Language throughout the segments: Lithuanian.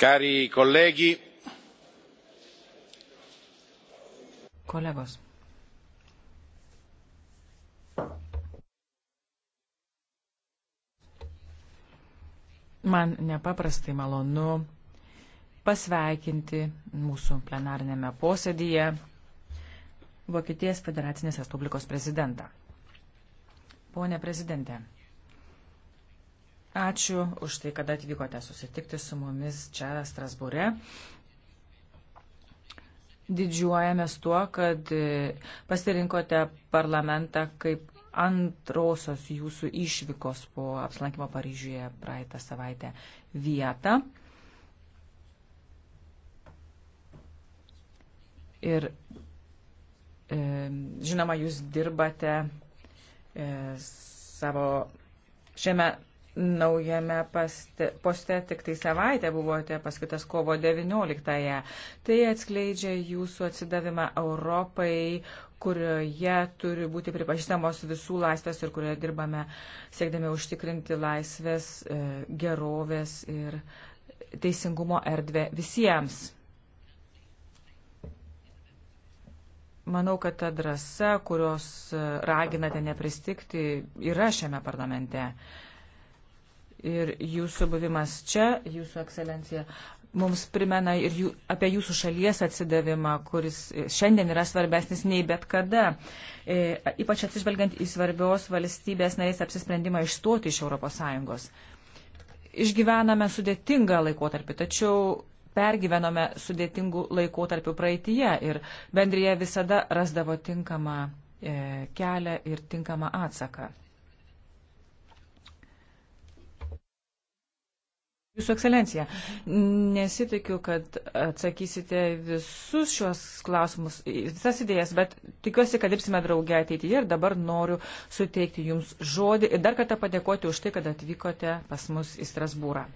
Cari colleghi, kolegos. Man nepaprastai malonu pasveikinti mūsų plenarinėme posėdyje Vokietijos Federacinės Respublikos prezidentą. Pone prezidente, ačiū už tai, kad atvykote susitikti su mumis čia Strasbūre. Didžiuojamės tuo, kad e, pasirinkote parlamentą kaip antrosios jūsų išvykos po apsilankimo Paryžiuje praeitą savaitę vietą. Ir E, žinoma, jūs dirbate e, savo šiame naujame paste, poste tik tai savaitę buvote paskaitas kovo 19-ąją. Tai atskleidžia jūsų atsidavimą Europai, kurioje turi būti pripažįstamos visų laisvės ir kurioje dirbame siekdami užtikrinti laisvės, e, gerovės ir teisingumo erdvę visiems. Manau, kad ta drąsa, kurios e, raginate nepristikti, yra šiame parlamente. Ir jūsų buvimas čia, jūsų ekscelencija, mums primena ir jų, apie jūsų šalies atsidavimą, kuris e, šiandien yra svarbesnis nei bet kada. E, ypač atsižvelgiant į svarbios valstybės narės apsisprendimą išstoti iš ES. Išgyvename sudėtingą laikotarpį, tačiau pergyvenome sudėtingų laikotarpių praeitie ir bendryje visada rasdavo tinkamą e, kelią ir tinkamą atsaką. Jūsų ekscelencija, nesitikiu, kad atsakysite visus šios klausimus, visas idėjas, bet tikiuosi, kad dirbsime drauge ateityje ir dabar noriu suteikti Jums žodį ir dar kartą padėkoti už tai, kad atvykote pas mus į Strasbūrą.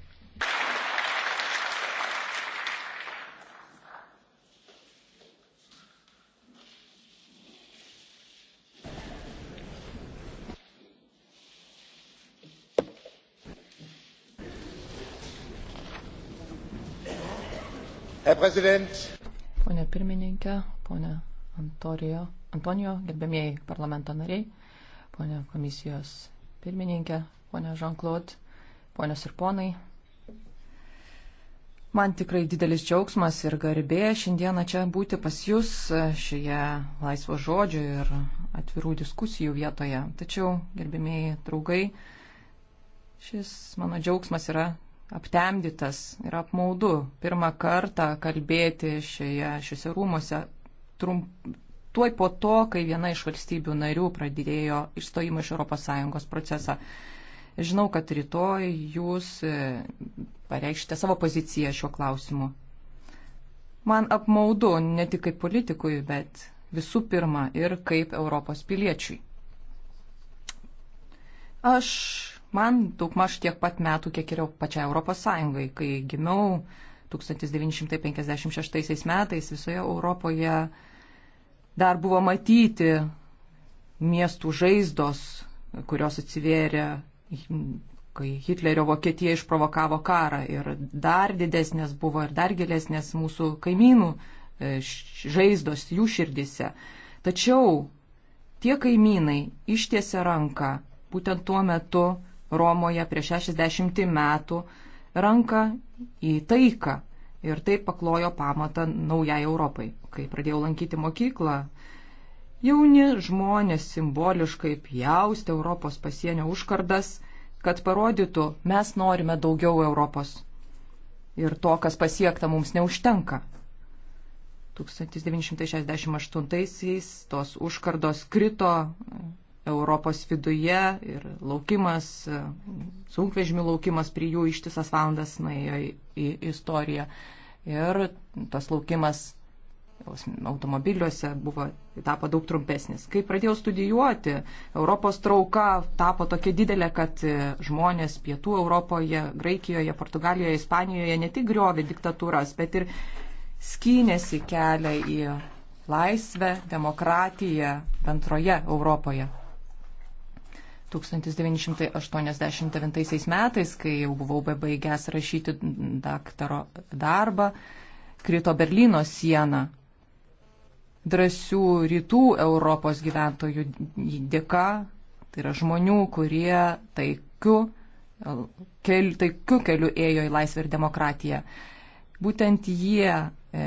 Pone pirmininkė, pone Antorijo, Antonijo, gerbėmieji parlamento nariai, pone komisijos pirmininkė, pone Jean-Claude, ponios ir ponai. Man tikrai didelis džiaugsmas ir garbė šiandieną čia būti pas Jūs šioje laisvo žodžio ir atvirų diskusijų vietoje. Tačiau, gerbėmieji draugai, šis mano džiaugsmas yra aptemdytas ir apmaudu pirmą kartą kalbėti šioje, šiuose rūmose trump, tuoj po to, kai viena iš valstybių narių pradėjo išstojimą iš ES procesą. Žinau, kad rytoj jūs e, pareikšite savo poziciją šiuo klausimu. Man apmaudu ne tik kaip politikui, bet visų pirma ir kaip Europos piliečiui. Aš Man daugmaž tiek pat metų, kiek ir pačia Europos Sąjungai. Kai gimiau 1956 metais visoje Europoje dar buvo matyti miestų žaizdos, kurios atsivėrė, kai Hitlerio Vokietija išprovokavo karą ir dar didesnės buvo ir dar gilesnės mūsų kaimynų e, žaizdos jų širdise. Tačiau tie kaimynai ištiesė ranką būtent tuo metu, Romoje prieš 60 metų ranką į taiką ir tai paklojo pamatą naujai Europai. Kai pradėjau lankyti mokyklą, jauni žmonės simboliškai pjausti Europos pasienio užkardas, kad parodytų, mes norime daugiau Europos. Ir to, kas pasiekta, mums neužtenka. 1968-aisiais tos užkardos krito Europos viduje ir laukimas, sunkvežimių laukimas prie jų ištisas valandas nuėjo į, į istoriją. Ir tas laukimas automobiliuose buvo, tapo daug trumpesnis. Kai pradėjau studijuoti, Europos trauka tapo tokia didelė, kad žmonės pietų Europoje, Graikijoje, Portugalijoje, Ispanijoje ne tik griovė diktatūras, bet ir skynėsi kelią į laisvę, demokratiją bendroje Europoje. 1989 metais, kai jau buvau bebaigęs rašyti daktaro darbą, krito Berlyno siena. Drąsių rytų Europos gyventojų dėka, tai yra žmonių, kurie taikiu, kel, taikiu keliu ėjo į laisvę ir demokratiją. Būtent jie E,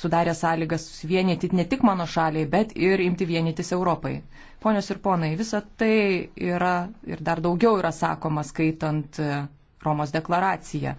sudarė sąlygas susivienyti ne tik mano šaliai, bet ir imti vienytis Europai. Ponios ir ponai, visa tai yra ir dar daugiau yra sakoma skaitant e, Romos deklaraciją.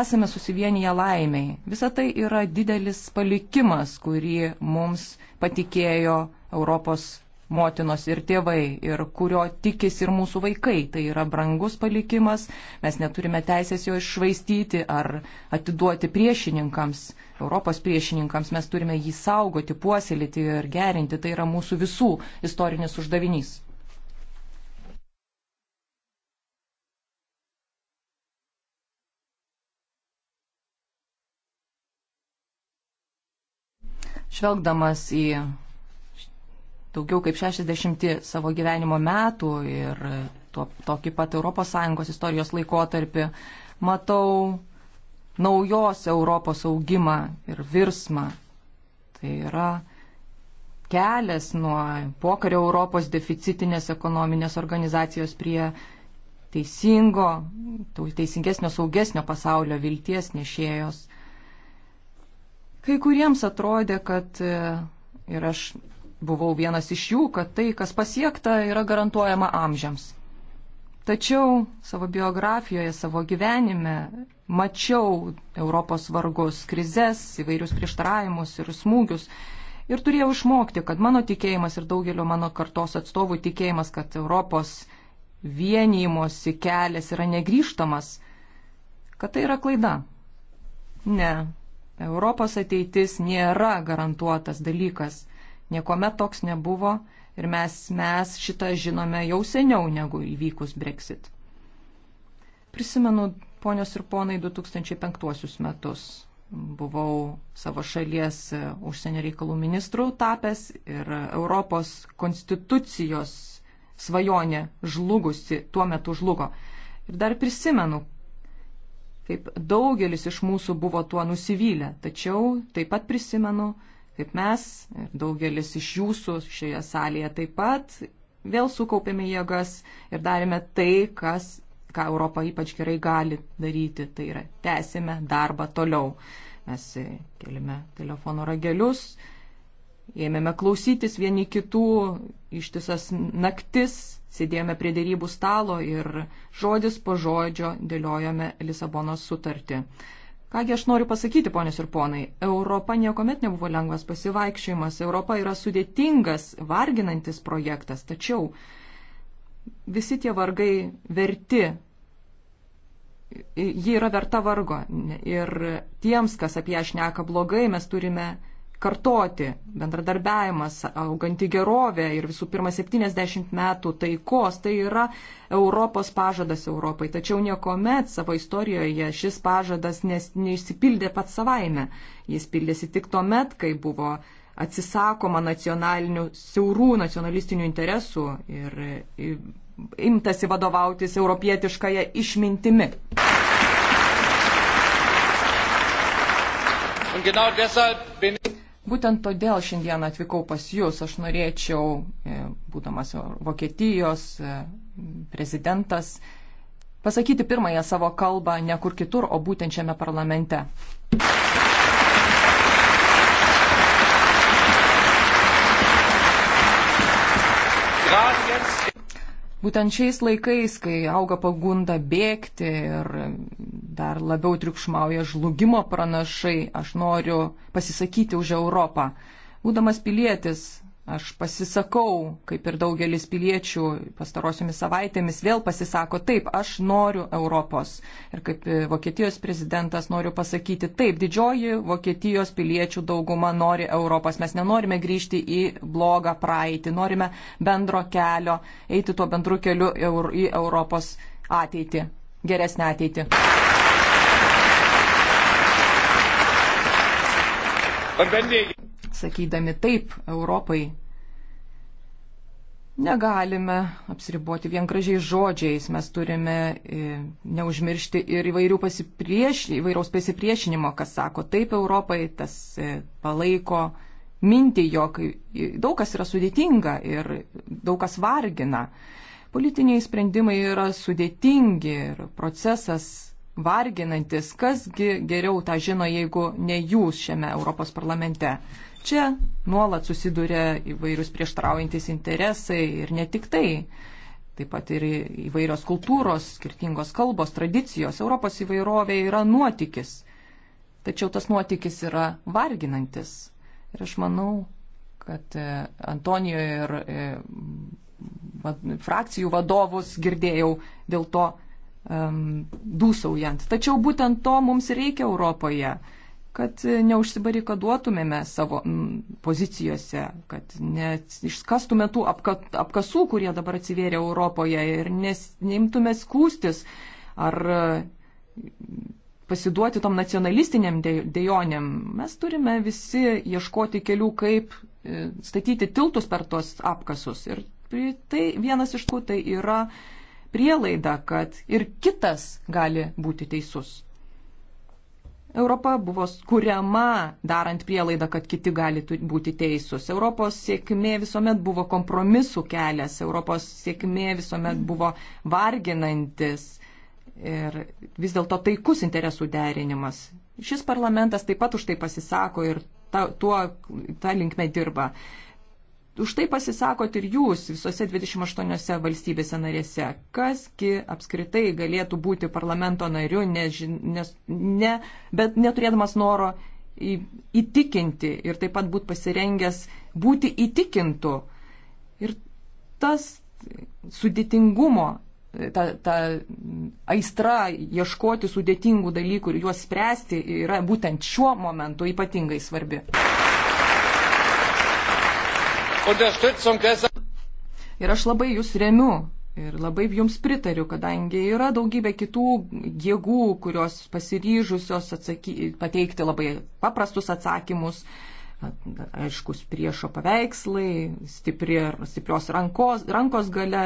Esame susivienyje laimiai. Visa tai yra didelis palikimas, kurį mums patikėjo Europos motinos ir tėvai ir kurio tikis ir mūsų vaikai. Tai yra brangus palikimas, mes neturime teisės jo išvaistyti ar atiduoti priešininkams, Europos priešininkams, mes turime jį saugoti, puoselėti ir gerinti. Tai yra mūsų visų istorinis uždavinys. Žvelgdamas į daugiau kaip 60 savo gyvenimo metų ir tuo, tokį pat ES istorijos laikotarpį matau naujos Europos augimą ir virsmą. Tai yra kelias nuo pokario Europos deficitinės ekonominės organizacijos prie teisingo, teisingesnio, saugesnio pasaulio vilties nešėjos. Kai kuriems atrodė, kad e, ir aš Buvau vienas iš jų, kad tai, kas pasiekta, yra garantuojama amžiams. Tačiau savo biografijoje, savo gyvenime mačiau Europos vargus, krizes, įvairius prieštaravimus ir smūgius. Ir turėjau išmokti, kad mano tikėjimas ir daugelio mano kartos atstovų tikėjimas, kad Europos vienijimosi kelias yra negryžtamas, kad tai yra klaida. Ne, Europos ateitis nėra garantuotas dalykas. Niekuomet toks nebuvo ir mes, mes šitą žinome jau seniau negu įvykus Brexit. Prisimenu, ponios ir ponai, 2005 metus. Buvau savo šalies e, užsienio reikalų ministrų tapęs ir Europos konstitucijos svajonė žlugusi, tuo metu žlugo. Ir dar prisimenu, kaip daugelis iš mūsų buvo tuo nusivylę, tačiau taip pat prisimenu, kaip mes ir daugelis iš jūsų šioje salėje taip pat vėl sukaupėme jėgas ir darėme tai, kas, ką Europa ypač gerai gali daryti, tai yra tęsime darbą toliau. Mes e, kelime telefono ragelius, ėmėme klausytis vieni kitų ištisas naktis, sėdėjome prie dėrybų stalo ir žodis po žodžio dėliojome Lisabonos sutartį. Kągi aš noriu pasakyti, ponės ir ponai, Europa niekuomet nebuvo lengvas pasivaikščiojimas, Europa yra sudėtingas, varginantis projektas, tačiau visi tie vargai verti, ji yra verta vargo. Ir tiems, kas apie ją šneka blogai, mes turime kartoti. Bendradarbiavimas, auganti gerovė ir visų pirma 70 metų taikos, tai yra Europos pažadas Europai. Tačiau niekuomet savo istorijoje šis pažadas nes, neišsipildė pat savaime. Jis pildėsi tik tuo met, kai buvo atsisakoma nacionalinių, siaurų nacionalistinių interesų ir imtasi vadovautis europietiškąją išmintimi. Und genau deshalb bin Būtent todėl šiandien atvykau pas Jūs. Aš norėčiau, e, būdamas Vokietijos e, prezidentas, pasakyti pirmąją savo kalbą ne kur kitur, o būtent šiame parlamente. Būtent šiais laikais, kai auga pagunda bėgti ir dar labiau triukšmauja žlugimo pranašai, aš noriu pasisakyti už Europą. Būdamas pilietis, Aš pasisakau, kaip ir daugelis piliečių pastarosiomis savaitėmis vėl pasisako, taip, aš noriu Europos. Ir kaip e, Vokietijos prezidentas noriu pasakyti, taip, didžioji Vokietijos piliečių dauguma nori Europos. Mes nenorime grįžti į blogą praeitį, norime bendro kelio, eiti tuo bendru keliu į Europos ateitį, geresnę ateitį. Sakydami taip Europai, negalime apsiriboti vien gražiais žodžiais, mes turime e, neužmiršti ir įvairių pasiprieš, įvairiaus pasipriešinimo, kas sako taip Europai, tas e, palaiko mintį, jog daug kas yra sudėtinga ir daug kas vargina. Politiniai sprendimai yra sudėtingi ir procesas varginantis, kasgi geriau tą žino, jeigu ne jūs šiame Europos parlamente. Čia nuolat susiduria įvairūs prieštraujantis interesai ir ne tik tai. Taip pat ir įvairios kultūros, skirtingos kalbos, tradicijos. Europos įvairovė yra nuotykis. Tačiau tas nuotykis yra varginantis. Ir aš manau, kad e, Antonijoje ir e, frakcijų vadovus girdėjau dėl to um, dūsaujant. Tačiau būtent to mums reikia Europoje, kad neužsibarikaduotumėme savo mm, pozicijose, kad neišskastume tų apka, apkasų, kurie dabar atsivėrė Europoje ir nes, neimtume skūstis ar pasiduoti tom nacionalistiniam dejonėm. Mes turime visi ieškoti kelių, kaip e, statyti tiltus per tuos apkasus. Ir tai vienas iš tų tai yra uh, prielaidą, kad ir kitas gali būti teisus. Europa buvo kuriama darant prielaidą, kad kiti gali būti teisūs. Europos sėkmė visuomet buvo kompromisų kelias, Europos sėkmė visuomet buvo varginantis ir vis dėlto taikus interesų derinimas. Šis parlamentas taip pat už tai pasisako ir ta, tuo, ta linkme dirba už tai pasisakot ir jūs visose 28 valstybėse narėse. Kasgi apskritai galėtų būti parlamento nariu, nežin, nes, ne, bet neturėdamas noro į, įtikinti ir taip pat būti pasirengęs būti įtikintų. Ir tas sudėtingumo, ta, ta aistra ieškoti sudėtingų dalykų ir juos spręsti yra būtent šiuo momentu ypatingai svarbi. Ir aš labai jūs remiu ir labai jums pritariu, kadangi yra daugybė kitų jėgų, kurios pasiryžusios atsaky, pateikti labai paprastus atsakymus, aiškus priešo paveikslai, stipri, stiprios rankos, rankos gale.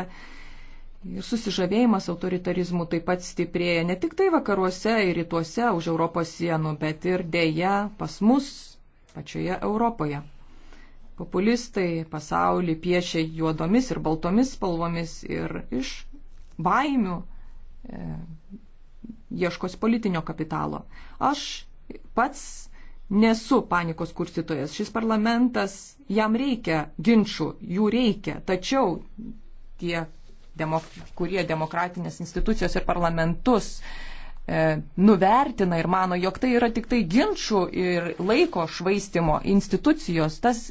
Ir susižavėjimas autoritarizmu taip pat stiprėja ne tik tai vakaruose ir rytuose už Europos sienų, bet ir dėja pas mus pačioje Europoje populistai pasaulį piešia juodomis ir baltomis spalvomis ir iš baimių e, ieškos politinio kapitalo. Aš pats nesu panikos kurstytojas. Šis parlamentas, jam reikia ginčių, jų reikia, tačiau tie, demok kurie demokratinės institucijos ir parlamentus e, E, nuvertina ir mano, jog tai yra tik tai ginčių ir laiko švaistimo institucijos, tas,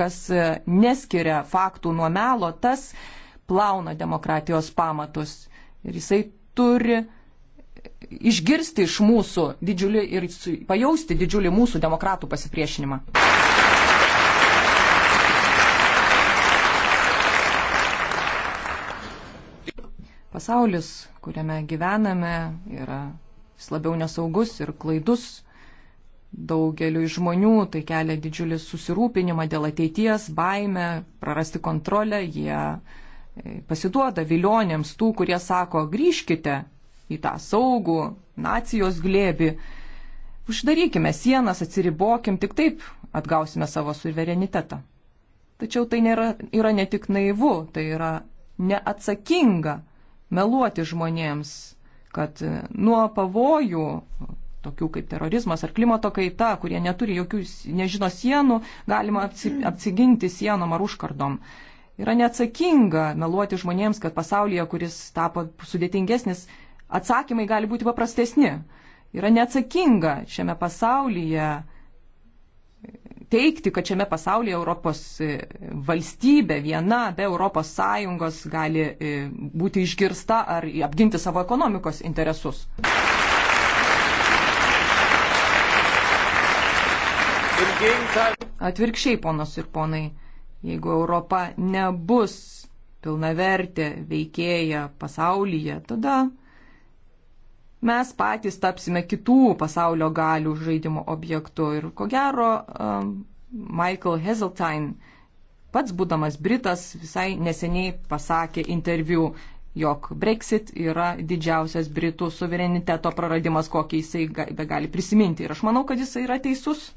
kas e, neskiria faktų nuo melo, tas plauna demokratijos pamatus. Ir jisai turi išgirsti iš mūsų didžiulį ir pajausti didžiulį mūsų demokratų pasipriešinimą. Pasaulis, kuriame gyvename, yra vis labiau nesaugus ir klaidus. Daugeliu žmonių tai kelia didžiulį susirūpinimą dėl ateities, baimę, prarasti kontrolę. Jie e, pasiduoda vilionėms tų, kurie sako, grįžkite į tą saugų nacijos glėbi. Uždarykime sienas, atsiribokim, tik taip atgausime savo suverenitetą. Tačiau tai nėra, yra ne tik naivu, tai yra neatsakinga meluoti žmonėms, kad e, nuo pavojų, tokių kaip terorizmas ar klimato kaita, kurie neturi jokių, nežino sienų, galima apsiginti sienom ar užkardom. Yra neatsakinga meluoti žmonėms, kad pasaulyje, kuris tapo sudėtingesnis, atsakymai gali būti paprastesni. Yra neatsakinga šiame pasaulyje teikti, kad šiame pasaulyje Europos e, valstybė viena be Europos Sąjungos gali e, būti išgirsta ar apginti savo ekonomikos interesus. Atvirkščiai, ponos ir ponai, jeigu Europa nebus pilnavertė veikėja pasaulyje, tada mes patys tapsime kitų pasaulio galių žaidimo objektu. Ir ko gero, um, Michael Heseltine, pats būdamas Britas, visai neseniai pasakė interviu, jog Brexit yra didžiausias Britų suvereniteto praradimas, kokį jisai begali prisiminti. Ir aš manau, kad jisai yra teisus.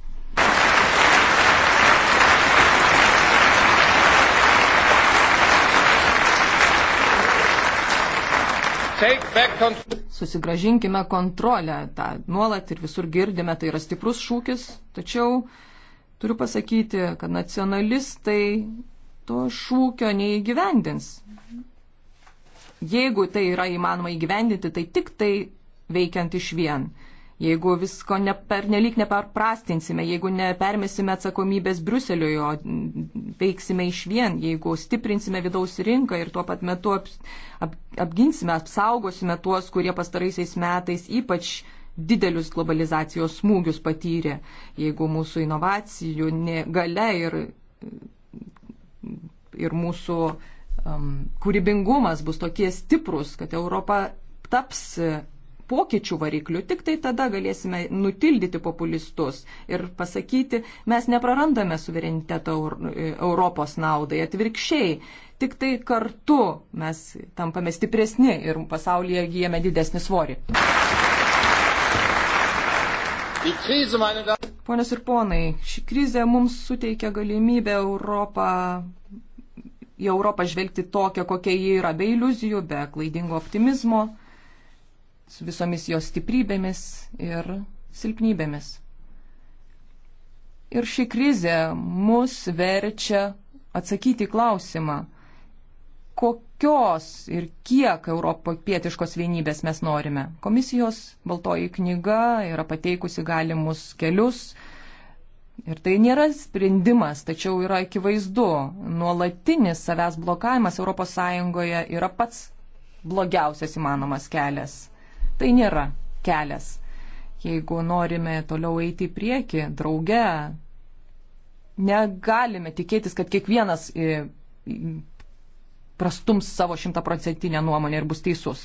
Susigražinkime kontrolę, tą nuolat ir visur girdime, tai yra stiprus šūkis, tačiau turiu pasakyti, kad nacionalistai to šūkio neįgyvendins. Jeigu tai yra įmanoma įgyvendinti, tai tik tai veikiant iš vien jeigu visko ne, per nelik neparprastinsime, jeigu nepermėsime atsakomybės Bruseliui, o mm, veiksime iš vien, jeigu stiprinsime vidaus rinką ir tuo pat metu ap, ap, apginsime, apsaugosime tuos, kurie pastaraisiais metais ypač didelius globalizacijos smūgius patyrė, jeigu mūsų inovacijų gale ir, mm, ir mūsų um, kūrybingumas bus tokie stiprus, kad Europa taps pokyčių varikliu, tik tai tada galėsime nutildyti populistus ir pasakyti, mes neprarandame suvereniteto e, Europos naudai, atvirkščiai, tik tai kartu mes tampame stipresni ir pasaulyje gyjame didesnį svorį. Ponios ir ponai, ši krizė mums suteikia galimybę Europą į Europą žvelgti tokią, kokia ji yra, be iliuzijų, be klaidingo optimizmo su visomis jos stiprybėmis ir silpnybėmis. Ir ši krizė mus verčia atsakyti klausimą, kokios ir kiek europietiškos vienybės mes norime. Komisijos baltoji knyga yra pateikusi galimus kelius. Ir tai nėra sprendimas, tačiau yra akivaizdu, nuolatinis savęs blokavimas ES yra pats blogiausias įmanomas kelias. Tai nėra kelias. Jeigu norime toliau eiti į priekį, drauge, negalime tikėtis, kad kiekvienas e, prastums savo šimtaprocentinę nuomonę ir bus teisus.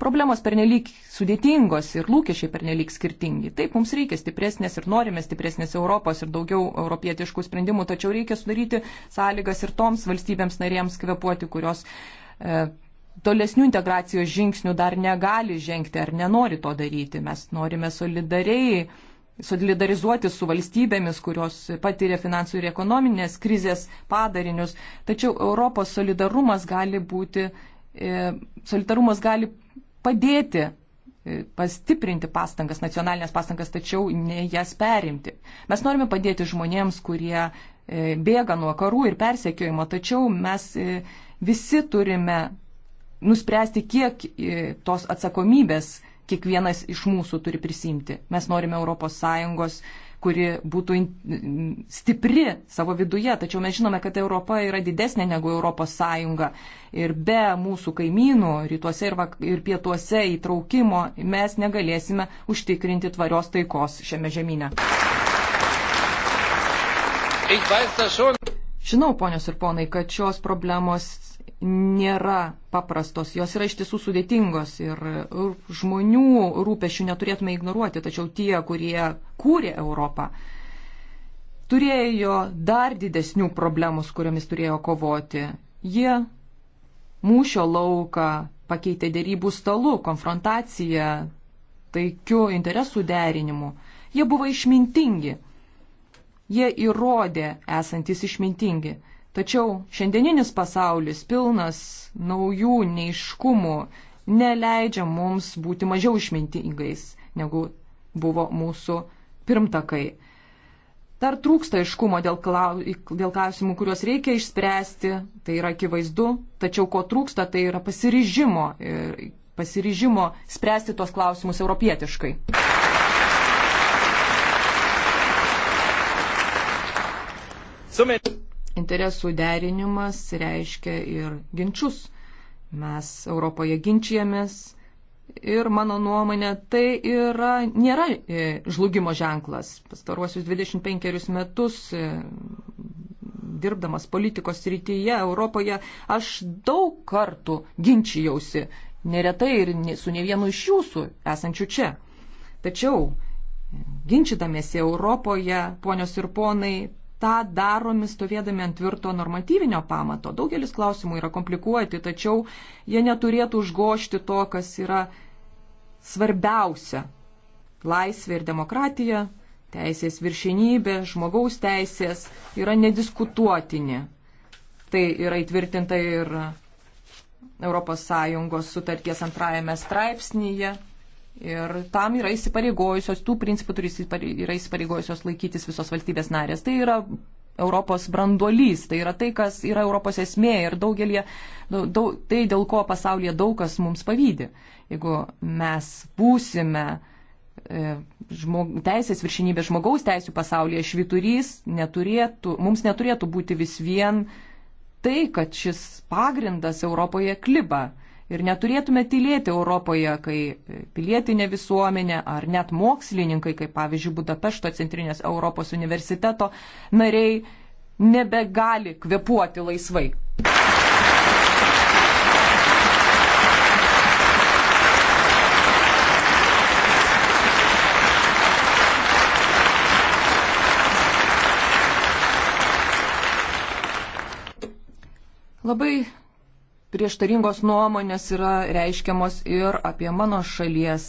Problemos pernelyg sudėtingos ir lūkesčiai pernelyg skirtingi. Taip, mums reikia stipresnės ir norime stipresnės Europos ir daugiau europietiškų sprendimų, tačiau reikia sudaryti sąlygas ir toms valstybėms narėms kvepuoti, kurios e, tolesnių integracijos žingsnių dar negali žengti ar nenori to daryti. Mes norime solidariai solidarizuoti su valstybėmis, kurios patiria finansų ir ekonominės krizės padarinius. Tačiau Europos solidarumas gali būti, e, solidarumas gali padėti e, pastiprinti pastangas, nacionalinės pastangas, tačiau ne jas perimti. Mes norime padėti žmonėms, kurie e, bėga nuo karų ir persekiojimo, tačiau mes visi turime nuspręsti, kiek e, tos atsakomybės kiekvienas iš mūsų turi prisimti. Mes norime ES, kuri būtų stipri savo viduje, tačiau mes žinome, kad Europa yra didesnė negu ES ir be mūsų kaimynų rytuose ir, ir pietuose įtraukimo mes negalėsime užtikrinti tvarios taikos šiame žemynė. Žinau, ponios ir ponai, kad šios problemos nėra paprastos, jos yra iš tiesų sudėtingos ir žmonių rūpešių neturėtume ignoruoti, tačiau tie, kurie kūrė Europą, turėjo dar didesnių problemų, su kuriomis turėjo kovoti. Jie mūšio lauką pakeitė dėrybų stalu, konfrontaciją, taikių interesų derinimu. Jie buvo išmintingi. Jie įrodė esantis išmintingi. Tačiau šiandieninis pasaulis pilnas naujų neiškumų neleidžia mums būti mažiau išmintingais, negu buvo mūsų pirmtakai. Dar trūksta aiškumo dėl, klau, dėl klausimų, kuriuos reikia išspręsti, tai yra akivaizdu, tačiau ko trūksta, tai yra pasiryžimo, pasiryžimo spręsti tos klausimus europietiškai. Sumen interesų derinimas reiškia ir ginčius. Mes Europoje ginčiamės ir mano nuomonė tai yra, nėra e, žlugimo ženklas. Pastaruosius 25 metus e, dirbdamas politikos rytyje Europoje aš daug kartų ginčijausi, neretai ir su ne vienu iš jūsų esančių čia. Tačiau Ginčydamėsi Europoje, ponios ir ponai, tą darome stovėdami ant tvirto normatyvinio pamato. Daugelis klausimų yra komplikuoti, tačiau jie neturėtų užgošti to, kas yra svarbiausia - laisvė ir demokratija, teisės viršinybė, žmogaus teisės yra nediskutuotini. Tai yra įtvirtinta ir ES sutarties antrajame straipsnyje. Ir tam yra įsipareigojusios, tų principų turi yra įsipareigojusios laikytis visos valstybės narės. Tai yra Europos branduolys, tai yra tai, kas yra Europos esmė ir daugelį, daug, tai dėl ko pasaulyje daug kas mums pavydi. Jeigu mes būsime e, žmog, teisės viršinybės žmogaus teisų pasaulyje šviturys, neturėtų, mums neturėtų būti vis vien tai, kad šis pagrindas Europoje kliba Ir neturėtume tylėti Europoje, kai pilietinė visuomenė ar net mokslininkai, kaip pavyzdžiui Budapešto centrinės Europos universiteto nariai, nebegali kvepuoti laisvai. Labai prieštaringos nuomonės yra reiškiamos ir apie mano šalies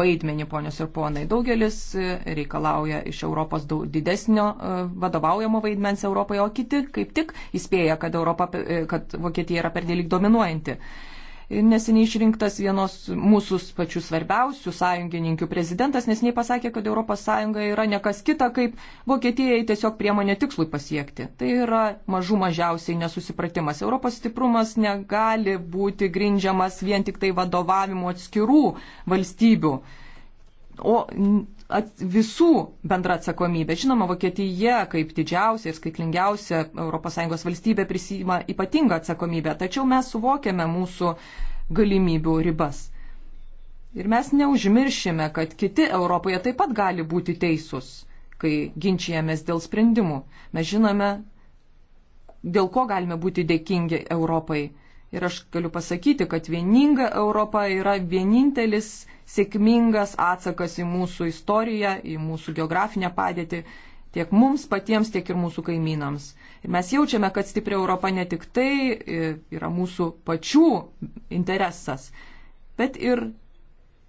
vaidmenį, ponios ir ponai. Daugelis reikalauja iš Europos daug didesnio e, vadovaujamo vaidmens Europoje, o kiti kaip tik įspėja, kad, Europa, e, kad Vokietija yra perdėlik dominuojanti neseniai išrinktas vienos mūsų pačių svarbiausių sąjungininkių prezidentas neseniai pasakė, kad ES yra nekas kita, kaip Vokietijai tiesiog priemonė tikslui pasiekti. Tai yra mažų mažiausiai nesusipratimas. Europos stiprumas negali būti grindžiamas vien tik tai vadovavimu atskirų valstybių. O visų bendra atsakomybė. Žinoma, Vokietija kaip didžiausia ir skaitlingiausia ES valstybė prisima ypatingą atsakomybę, tačiau mes suvokiame mūsų galimybių ribas. Ir mes neužmiršime, kad kiti Europoje taip pat gali būti teisūs, kai ginčijamės dėl sprendimų. Mes žinome, dėl ko galime būti dėkingi Europai. Ir aš galiu pasakyti, kad vieninga Europa yra vienintelis sėkmingas atsakas į mūsų istoriją, į mūsų geografinę padėtį tiek mums patiems, tiek ir mūsų kaimynams. Ir mes jaučiame, kad stipri Europa ne tik tai e, yra mūsų pačių interesas, bet ir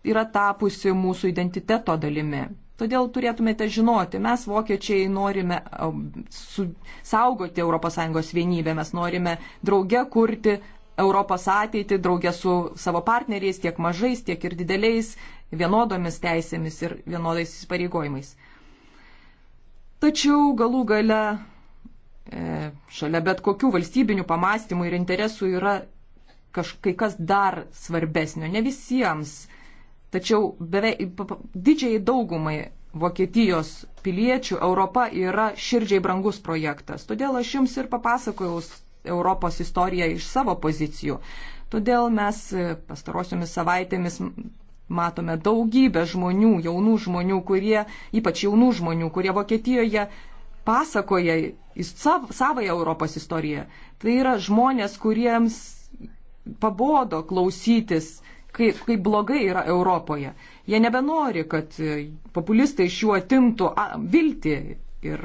yra tapusi mūsų identiteto dalimi. Todėl turėtumėte žinoti, mes vokiečiai norime e, saugoti ES vienybę, mes norime drauge kurti Europos ateitį draugę su savo partneriais, tiek mažais, tiek ir dideliais, vienodomis teisėmis ir vienodais įsipareigojimais. Tačiau galų gale e, šalia bet kokių valstybinių pamastymų ir interesų yra kažkai kas dar svarbesnio. Ne visiems, tačiau beveik didžiai daugumai Vokietijos piliečių Europa yra širdžiai brangus projektas. Todėl aš jums ir papasakojau Europos istoriją iš savo pozicijų. Todėl mes pastarosiomis savaitėmis matome daugybę žmonių, jaunų žmonių, kurie, ypač jaunų žmonių, kurie Vokietijoje pasakoja sav, savoją Europos istoriją. Tai yra žmonės, kuriems pabodo klausytis, kaip, kaip blogai yra Europoje. Jie nebenori, kad populistai iš jų atimtų viltį ir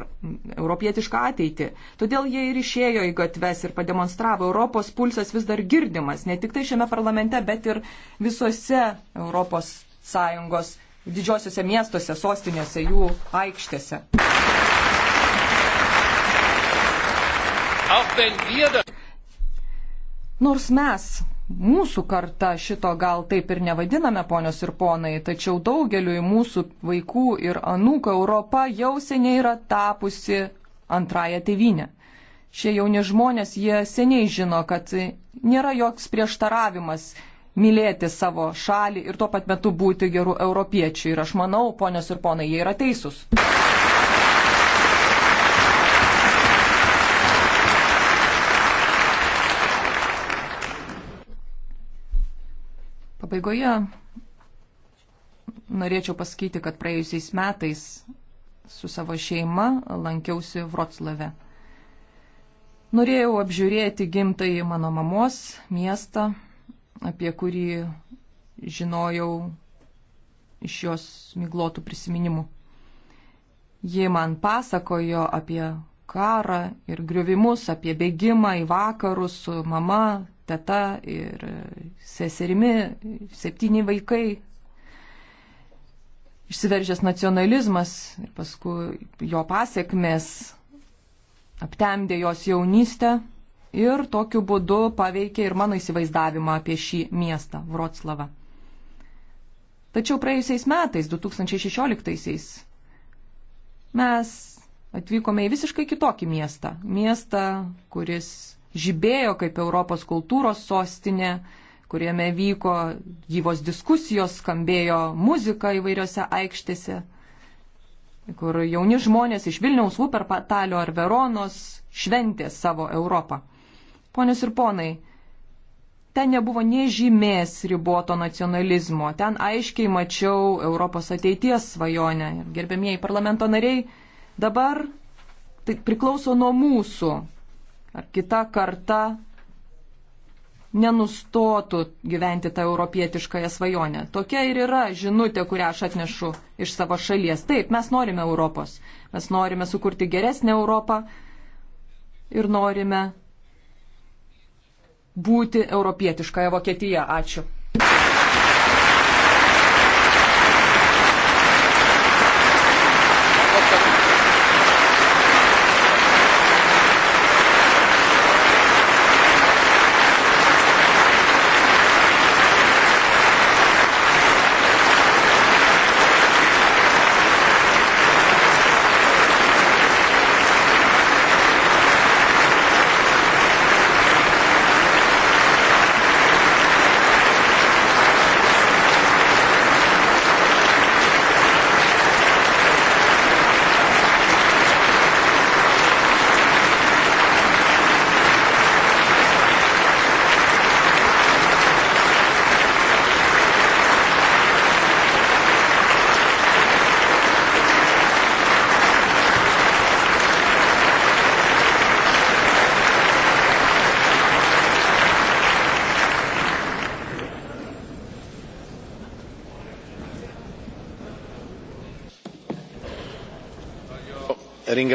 europietišką ateitį. Todėl jie ir išėjo į gatves ir pademonstravo, Europos pulsas vis dar girdimas, ne tik tai šiame parlamente, bet ir visose Europos Sąjungos didžiosiuose miestuose, sostinėse, jų aikštėse. Nors mes Mūsų karta šito gal taip ir nevadiname, ponios ir ponai, tačiau daugeliu mūsų vaikų ir anūkų Europa jau seniai yra tapusi antrąją tėvynę. Šie jauni žmonės, jie seniai žino, kad nėra joks prieštaravimas mylėti savo šalį ir tuo pat metu būti gerų europiečių. Ir aš manau, ponios ir ponai, jie yra teisūs. Pabaigoje norėčiau pasakyti, kad praėjusiais metais su savo šeima lankiausi Vroclave. Norėjau apžiūrėti gimtąjį mano mamos miestą, apie kurį žinojau iš jos myglotų prisiminimų. Ji man pasakojo apie karą ir griuvimus, apie bėgimą į vakarus su mama, teta ir seserimi, septyni vaikai. Išsiveržęs nacionalizmas ir paskui jo pasiekmes aptemdė jos jaunystę ir tokiu būdu paveikė ir mano įsivaizdavimą apie šį miestą, Vroclavą. Tačiau praėjusiais metais, 2016-aisiais, mes atvykome į visiškai kitokį miestą. Miestą, kuris žibėjo kaip Europos kultūros sostinė, kuriame vyko gyvos diskusijos, skambėjo muzika įvairiose aikštėse, kur jauni žmonės iš Vilniaus, Luperpatalio ar Veronos šventė savo Europą. Ponios ir ponai, ten nebuvo nežymės riboto nacionalizmo, ten aiškiai mačiau Europos ateities svajonę. Gerbėmieji parlamento nariai, dabar tai priklauso nuo mūsų. Ar kita karta nenustotų gyventi tą europietiškąją svajonę. Tokia ir yra žinutė, kurią aš atnešu iš savo šalies. Taip, mes norime Europos. Mes norime sukurti geresnę Europą ir norime būti europietiškąją Vokietiją. Ačiū.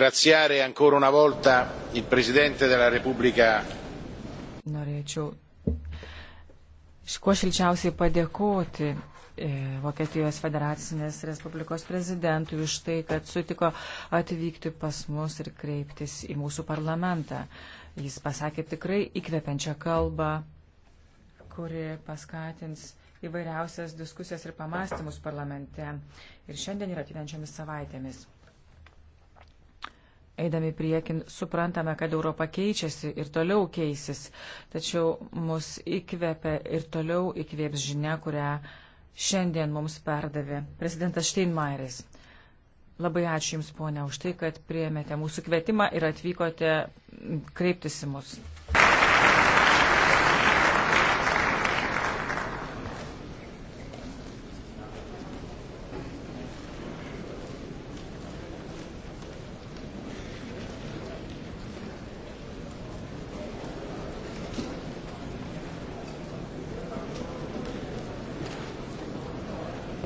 ringraziare ancora una volta il presidente della Repubblica. Norėčiau kuo šilčiausiai padėkoti e, Vokietijos federacinės Respublikos prezidentui už tai, kad sutiko atvykti pas mus ir kreiptis į mūsų parlamentą. Jis pasakė tikrai įkvepiančią kalbą, kuri paskatins įvairiausias diskusijas ir pamastymus parlamente ir šiandien ir ateinančiomis savaitėmis eidami priekin suprantame, kad Europa keičiasi ir toliau keisis, tačiau mus įkvepia ir toliau įkvėps žinia, kurią šiandien mums perdavė prezidentas Steinmeieris. Labai ačiū Jums, ponia, už tai, kad priemėte mūsų kvietimą ir atvykote kreiptis į mus.